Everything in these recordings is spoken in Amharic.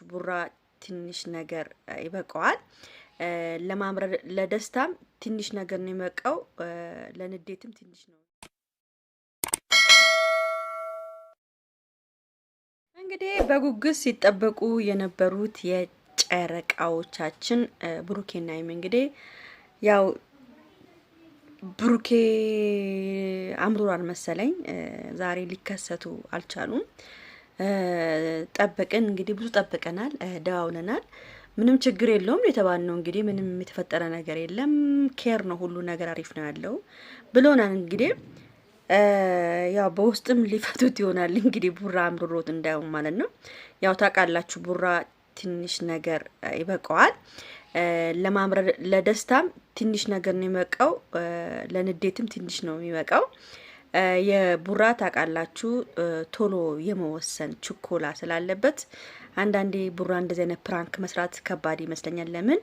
ታውቃላችሁ፣ ቡራ ትንሽ ነገር ይበቀዋል ለማምረር። ለደስታም ትንሽ ነገር ነው ይበቀው፣ ለንዴትም ትንሽ ነው። እንግዲህ በጉጉት ሲጠበቁ የነበሩት የጨረቃዎቻችን ብሩኬ ብሩኬና ሀይሚ እንግዲህ ያው ብሩኬ አምሮራል መሰለኝ ዛሬ ሊከሰቱ አልቻሉም። ጠበቅን። እንግዲህ ብዙ ጠብቀናል፣ ደዋውለናል። ምንም ችግር የለውም ነው እንግዲህ ምንም የተፈጠረ ነገር የለም። ኬር ነው ሁሉ ነገር አሪፍ ነው ያለው ብሎናል። እንግዲህ ያው በውስጥም ሊፈቱት ይሆናል እንግዲህ ቡራ አምሮሮት እንዳይሆን ማለት ነው። ያው ታውቃላችሁ ቡራ ትንሽ ነገር ይበቀዋል። ለማምረር ለደስታም ትንሽ ነገር ነው የሚበቃው፣ ለንዴትም ትንሽ ነው የሚበቃው። የቡራ ታውቃላችሁ ቶሎ የመወሰን ችኮላ ስላለበት አንዳንዴ ቡራ እንደዚህ አይነት ፕራንክ መስራት ከባድ ይመስለኛል። ለምን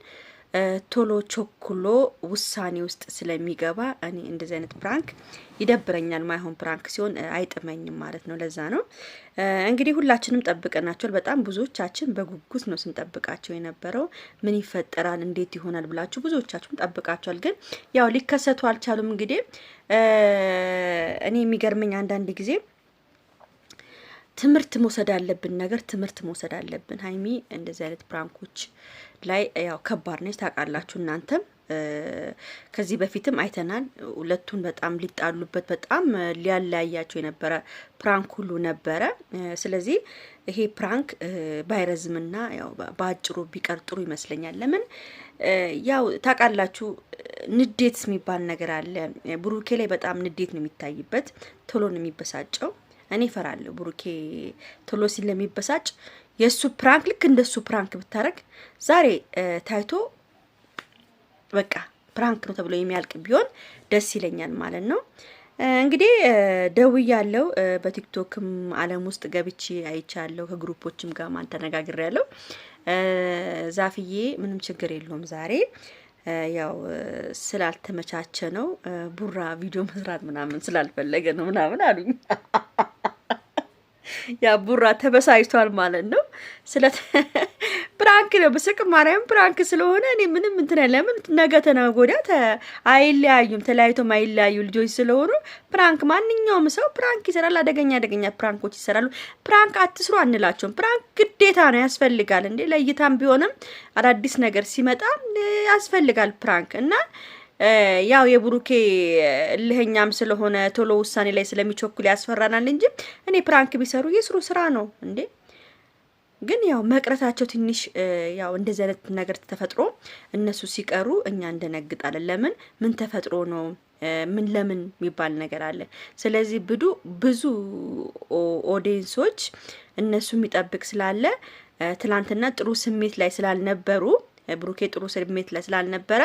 ቶሎ ቾኩሎ ውሳኔ ውስጥ ስለሚገባ እኔ እንደዚህ አይነት ፕራንክ ይደብረኛል። ማይሆን ፕራንክ ሲሆን አይጥመኝም ማለት ነው። ለዛ ነው እንግዲህ ሁላችንም ጠብቀናቸዋል። በጣም ብዙዎቻችን በጉጉት ነው ስንጠብቃቸው የነበረው። ምን ይፈጠራል፣ እንዴት ይሆናል ብላችሁ ብዙዎቻችሁም ጠብቃቸዋል። ግን ያው ሊከሰቱ አልቻሉም። እንግዲህ እኔ የሚገርመኝ አንዳንድ ጊዜ ትምህርት መውሰድ አለብን ነገር ትምህርት መውሰድ አለብን። ሀይሚ እንደዚህ አይነት ፕራንኮች ላይ ያው ከባድ ነች ታውቃላችሁ። እናንተም ከዚህ በፊትም አይተናል። ሁለቱን በጣም ሊጣሉበት በጣም ሊያለያያቸው የነበረ ፕራንክ ሁሉ ነበረ። ስለዚህ ይሄ ፕራንክ ባይረዝምና ያው በአጭሩ ቢቀር ጥሩ ይመስለኛል። ለምን ያው ታውቃላችሁ ንዴት የሚባል ነገር አለ። ብሩኬ ላይ በጣም ንዴት ነው የሚታይበት፣ ቶሎ ነው የሚበሳጨው። እኔ ፈራለሁ። ብሩኬ ቶሎ ሲል ለሚበሳጭ የእሱ ፕራንክ ልክ እንደ እሱ ፕራንክ ብታደረግ ዛሬ ታይቶ በቃ ፕራንክ ነው ተብሎ የሚያልቅ ቢሆን ደስ ይለኛል ማለት ነው። እንግዲህ ደው ያለው በቲክቶክም ዓለም ውስጥ ገብቼ አይቻለሁ። ከግሩፖችም ጋር ማን ያለው ዛፍዬ ምንም ችግር የለውም ዛሬ ያው ስላልተመቻቸ ነው ቡራ ቪዲዮ መስራት ምናምን ስላልፈለገ ነው ምናምን አሉኝ። ያ ቡራ ተበሳጭቷል ማለት ነው። ስለ ፕራንክ ነው ብስቅ ማርያም ፕራንክ ስለሆነ እኔ ምንም እንትን ለምን ነገ ተነጎዳ አይለያዩም፣ ተለያይቶም አይለያዩ ልጆች ስለሆኑ ፕራንክ ማንኛውም ሰው ፕራንክ ይሰራል። አደገኛ አደገኛ ፕራንኮች ይሰራሉ። ፕራንክ አትስሩ አንላቸውም። ፕራንክ ግዴታ ነው ያስፈልጋል። እንዴ ለእይታም ቢሆንም አዳዲስ ነገር ሲመጣ ያስፈልጋል ፕራንክ እና ያው የብሩኬ እልህኛም ስለሆነ ቶሎ ውሳኔ ላይ ስለሚቸኩል ያስፈራናል እንጂ እኔ ፕራንክ ቢሰሩ የስሩ ስራ ነው እንዴ። ግን ያው መቅረታቸው ትንሽ ያው እንደዚህ አይነት ነገር ተፈጥሮ እነሱ ሲቀሩ እኛ እንደነግጣለን። ለምን ምን ተፈጥሮ ነው ምን ለምን የሚባል ነገር አለ። ስለዚህ ብዱ ብዙ ኦዲየንሶች እነሱ የሚጠብቅ ስላለ ትላንትና ጥሩ ስሜት ላይ ስላልነበሩ ብሩኬ ጥሩ ስሜት ላይ ስላልነበረ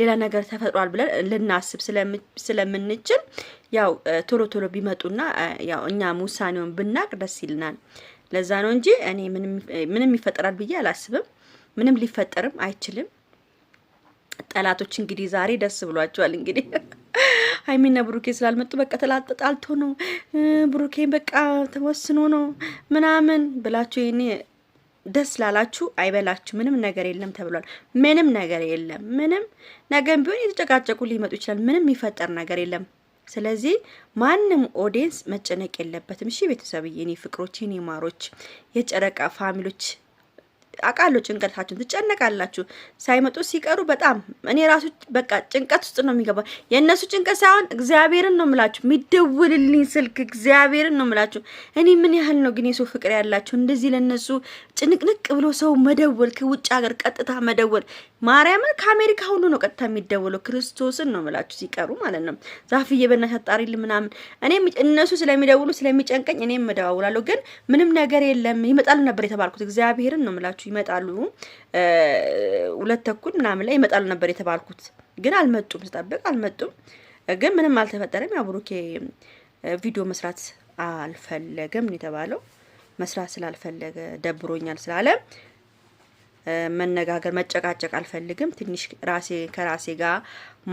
ሌላ ነገር ተፈጥሯል ብለን ልናስብ ስለምንችል ያው ቶሎ ቶሎ ቢመጡና ያው እኛም ውሳኔውን ብናቅ ደስ ይልናል። ለዛ ነው እንጂ እኔ ምንም ይፈጠራል ብዬ አላስብም። ምንም ሊፈጠርም አይችልም። ጠላቶች እንግዲህ ዛሬ ደስ ብሏቸዋል። እንግዲህ ሀይሚና ብሩኬ ስላልመጡ በቃ ተላጠጣልቶ ነው ብሩኬ በቃ ተወስኖ ነው ምናምን ብላችሁ ይኔ ደስ ላላችሁ አይበላችሁ፣ ምንም ነገር የለም ተብሏል። ምንም ነገር የለም። ምንም ነገም ቢሆን የተጨቃጨቁ ሊመጡ ይችላል። ምንም የሚፈጠር ነገር የለም። ስለዚህ ማንም ኦዲየንስ መጨነቅ የለበትም። እሺ ቤተሰብዬ፣ እኔ ፍቅሮች፣ እኔ ማሮች፣ የጨረቃ ፋሚሎች አውቃለሁ ጭንቀታችሁን ትጨነቃላችሁ። ሳይመጡ ሲቀሩ በጣም እኔ ራሱ በቃ ጭንቀት ውስጥ ነው የሚገባ። የእነሱ ጭንቀት ሳይሆን እግዚአብሔርን ነው ምላችሁ የሚደውልልኝ ስልክ እግዚአብሔርን ነው ምላችሁ። እኔ ምን ያህል ነው ግን የሰው ፍቅር ያላቸው እንደዚህ ለእነሱ ጭንቅንቅ ብሎ ሰው መደወል፣ ከውጭ ሀገር ቀጥታ መደወል። ማርያምን ከአሜሪካ ሁሉ ነው ቀጥታ የሚደወለው። ክርስቶስን ነው ምላችሁ ሲቀሩ ማለት ነው። ዛፍዬ በእናትሽ አጣሪል ምናምን። እኔ እነሱ ስለሚደውሉ ስለሚጨንቀኝ እኔም እደዋውላለሁ። ግን ምንም ነገር የለም ይመጣሉ ነበር የተባልኩት። እግዚአብሔርን ነው ምላችሁ ይዘውላችሁ ይመጣሉ። ሁለት ተኩል ምናምን ላይ ይመጣሉ ነበር የተባልኩት፣ ግን አልመጡም። ስጠብቅ አልመጡም። ግን ምንም አልተፈጠረም። ያው ብሩኬ ቪዲዮ መስራት አልፈለገም የተባለው። መስራት ስላልፈለገ ደብሮኛል ስላለ መነጋገር መጨቃጨቅ አልፈልግም። ትንሽ ራሴ ከራሴ ጋር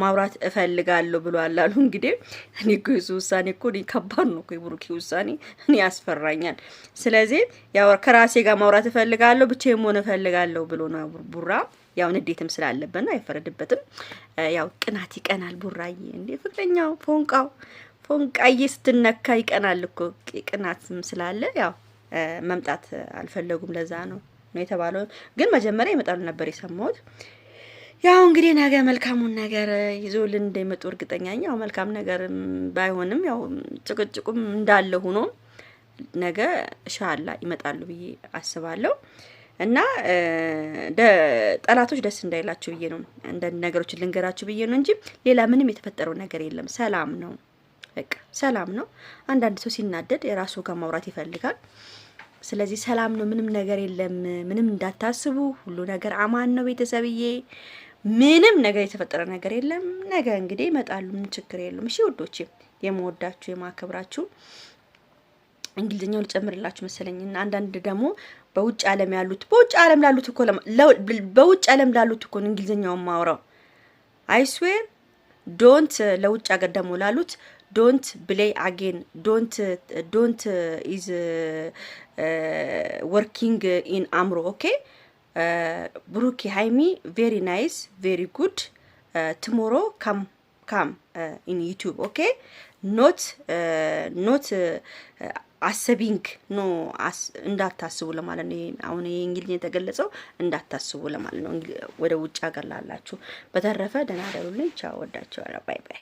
ማውራት እፈልጋለሁ ብሏል አሉ። እንግዲህ እኔ እኮ የሱ ውሳኔ እኮ ከባድ ነው እኮ የብሩኬ ውሳኔ እኔ ያስፈራኛል። ስለዚህ ያው ከራሴ ጋር ማውራት እፈልጋለሁ ብቻ መሆን እፈልጋለሁ ብሎ ነው ቡራ። ያው ንዴትም ስላለበት ነው አይፈረድበትም። ያው ቅናት ይቀናል ቡራዬ። እንዴ ፍቅረኛው ፎንቃው ፎንቃዬ ስትነካ ይቀናል እኮ ቅናትም ስላለ ያው መምጣት አልፈለጉም። ለዛ ነው ነው የተባለው። ግን መጀመሪያ ይመጣሉ ነበር የሰማሁት። ያው እንግዲህ ነገ መልካሙን ነገር ይዞልን እንደመጡ እርግጠኛ ነኝ። ያው መልካም ነገር ባይሆንም ያው ጭቅጭቁም እንዳለ ሆኖ ነገ ሻላ ይመጣሉ ብዬ አስባለሁ። እና ጠላቶች ደስ እንዳይላችሁ ብዬ ነው እንደ ነገሮችን ልንገራችሁ ብዬ ነው እንጂ ሌላ ምንም የተፈጠረው ነገር የለም። ሰላም ነው፣ በቃ ሰላም ነው። አንዳንድ ሰው ሲናደድ የራሱ ጋር ማውራት ይፈልጋል። ስለዚህ ሰላም ነው፣ ምንም ነገር የለም፣ ምንም እንዳታስቡ፣ ሁሉ ነገር አማን ነው ቤተሰብዬ። ምንም ነገር የተፈጠረ ነገር የለም። ነገ እንግዲህ ይመጣሉ፣ ምን ችግር የለም። እሺ ውዶቼ፣ የመወዳችሁ የማከብራችሁ እንግሊዝኛው ልጨምርላችሁ መሰለኝ እና አንዳንድ ደግሞ በውጭ ዓለም ያሉት በውጭ ዓለም ላሉት እኮ በውጭ ዓለም ላሉት እኮ እንግሊዝኛውን ማውራው አይስዌር ዶንት ለውጭ ሀገር ደግሞ ላሉት ዶንት ብሌይ አጌን ዶንት ዶንት ኢዝ ወርኪንግ ኢን አምሮ ኦኬ ብሩኪ ሃይሚ ቬሪ ናይስ ቬሪ ጉድ ትሞሮ ካም ካም ኢን ዩቲዩብ ኦኬ ኖት ኖት አሰቢንግ ኖ እንዳታስቡ ለማለት ነው። አሁን ይሄ የተገለጸው እንዳታስቡ ለማለት ነው። ወደ ውጭ ሀገር ላላችሁ በተረፈ ደህና ደሩልኝ። ቻው፣ ወዳችኋለሁ። ባይ ባይ።